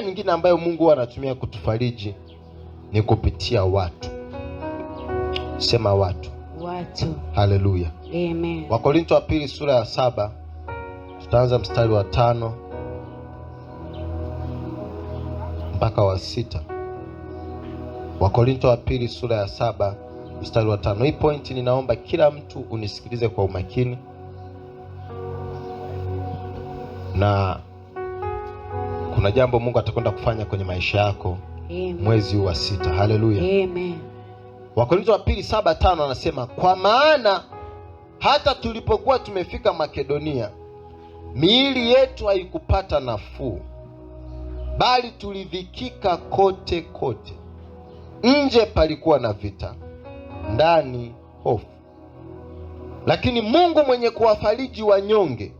njia nyingine ambayo Mungu anatumia kutufariji ni kupitia watu. Sema watu, watu. Haleluya, amen. Wakorinto wa pili sura ya saba tutaanza mstari wa tano mpaka wa sita. wakorinto wa pili sura ya saba mstari wa tano. Hii pointi ninaomba kila mtu unisikilize kwa umakini na kuna jambo Mungu atakwenda kufanya kwenye maisha yako Amen. Mwezi huu wa sita, haleluya. Wakorintho wa pili saba tano anasema kwa maana hata tulipokuwa tumefika Makedonia, miili yetu haikupata nafuu, bali tulidhikika kote kote. Nje palikuwa na vita, ndani hofu. Lakini Mungu mwenye kuwafariji wanyonge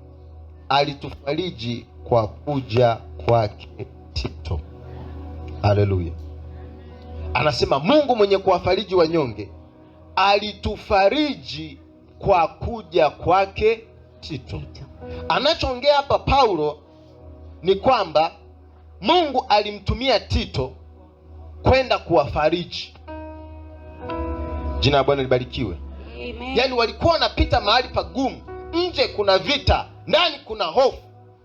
alitufariji kwa kuja kwake Tito. Haleluya! Anasema Mungu mwenye kuwafariji wanyonge alitufariji kwa kuja kwake Tito. Anachoongea hapa Paulo ni kwamba Mungu alimtumia Tito kwenda kuwafariji. Jina la Bwana libarikiwe. Amen. Yaani walikuwa wanapita mahali pagumu, nje kuna vita, ndani kuna hofu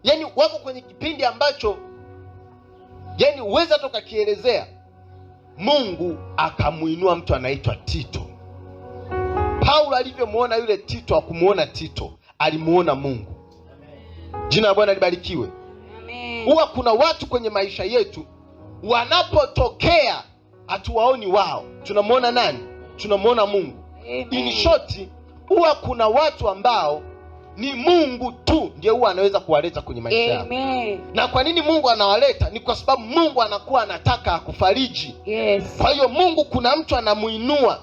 yani wako kwenye kipindi ambacho yani huwezi hata ukakielezea. Mungu akamwinua mtu anaitwa Tito. Paulo alivyomwona yule Tito akumuona Tito, alimuona Mungu. Jina la Bwana libarikiwe. Huwa kuna watu kwenye maisha yetu wanapotokea hatuwaoni wao, tunamwona nani? Tunamwona Mungu. In short, huwa kuna watu ambao ni Mungu tu ndio huwa anaweza kuwaleta kwenye maisha yao Na kwa nini Mungu anawaleta? Ni kwa sababu Mungu anakuwa anataka akufariji. Yes. Kwa hiyo Mungu kuna mtu anamuinua.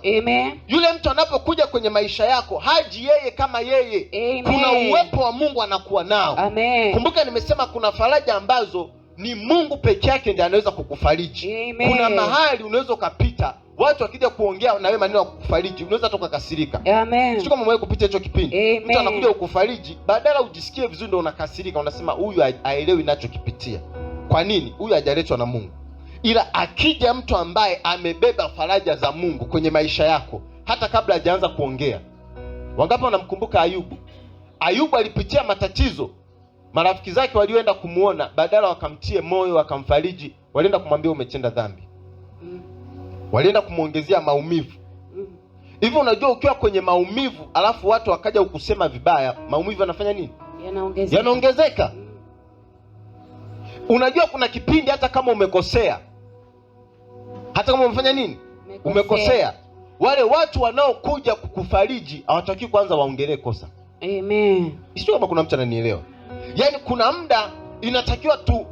Yule mtu anapokuja kwenye maisha yako haji yeye kama yeye. Amen. Kuna uwepo wa Mungu anakuwa nao. Amen. Kumbuka nimesema kuna faraja ambazo ni Mungu peke yake ndi anaweza kukufariji. Amen. Kuna mahali unaweza ukapita Watu wakija kuongea na wewe maneno ya kukufariji, unaweza toka kasirika. Amen. Sio kama mwe kupitia hicho kipindi. Mtu anakuja kukufariji, badala ujisikie vizuri ndio unakasirika, unasema huyu haelewi ninachokipitia. Kwa nini? Huyu hajaletwa na Mungu. Ila akija mtu ambaye amebeba faraja za Mungu kwenye maisha yako hata kabla hajaanza kuongea. Wangapi wanamkumbuka Ayubu? Ayubu alipitia matatizo. Marafiki zake walioenda kumuona badala wakamtie moyo, wakamfariji, walienda kumwambia umetenda dhambi. Mm walienda kumwongezea maumivu mm-hmm. hivyo. Unajua, ukiwa kwenye maumivu alafu watu wakaja ukusema vibaya, maumivu yanafanya nini? Yanaongezeka, ya mm-hmm. Unajua, kuna kipindi hata kama umekosea, hata kama umefanya nini, umekosea, umekosea. Wale watu wanaokuja kukufariji hawatakii kwanza waongelee kosa. Sio kama kuna mtu ananielewa. Yaani kuna muda inatakiwa tu,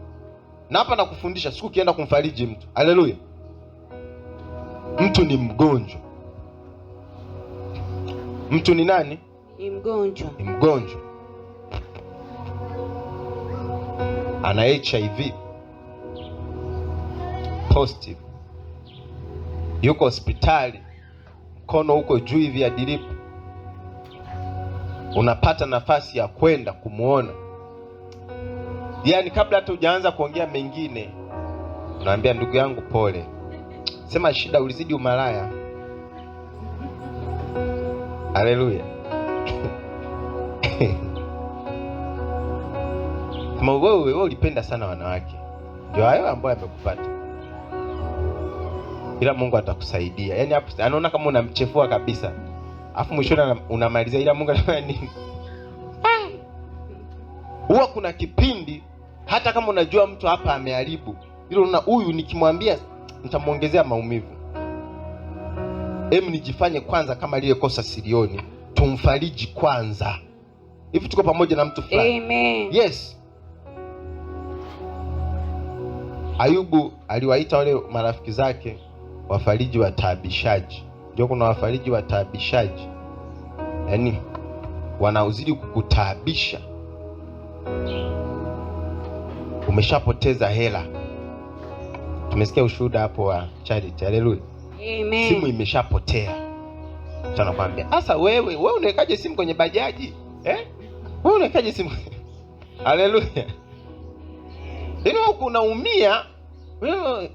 na hapa nakufundisha, siku ukienda kumfariji mtu, haleluya mtu ni mgonjwa. Mtu ni nani? Ni mgonjwa, ni mgonjwa, ana HIV positive, yuko hospitali, mkono huko juu hivi ya dilipu, unapata nafasi ya kwenda kumwona. Yaani kabla hata hujaanza kuongea mengine, unaambia ndugu yangu pole sema shida ulizidi umalaya. Haleluya! wewe wewe ulipenda sana wanawake, ndio hayo ambayo amekupata, ila Mungu atakusaidia. Yaani hapo anaona kama unamchefua kabisa, afu mwishoni unamaliza, ila Mungu anafanya nini? Huwa kuna kipindi hata kama unajua mtu hapa ameharibu, ila una huyu nikimwambia mtamwongezea maumivu. Em, nijifanye kwanza kama lile kosa silioni, tumfariji kwanza. Hivi tuko pamoja na mtu fulani? Amen. Yes. Ayubu aliwaita wale marafiki zake wafariji wataabishaji. Ndio, kuna wafariji wataabishaji, yaani wanaozidi kukutaabisha. Umeshapoteza hela Tumesikia ushuhuda hapo wa Charity. Haleluya. Amen. Simu imeshapotea. Tunakwambia. Sasa wewe, wewe unawekaje simu kwenye bajaji? Eh? Wewe unawekaje simu? Haleluya. Ino huku unaumia. Wewe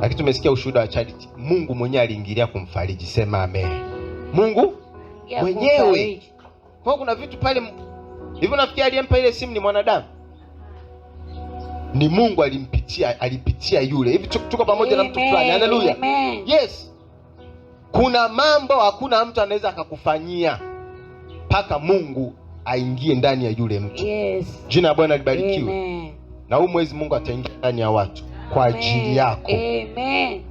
lakini tumesikia ushuhuda wa Charity. Mungu mwenyewe aliingilia kumfariji. Sema amen. Mungu mwenyewe. Kwa kuna vitu pale hivyo, nafikiri aliyempa ile simu ni mwanadamu ni Mungu alimpitia, alipitia yule. Hivi tuko pamoja na mtu fulani? Haleluya, yes. Kuna mambo hakuna mtu anaweza akakufanyia mpaka Mungu aingie ndani ya yule mtu. Yes. Jina la Bwana libarikiwe. Na huu mwezi Mungu ataingia ndani ya watu kwa ajili yako. Amen.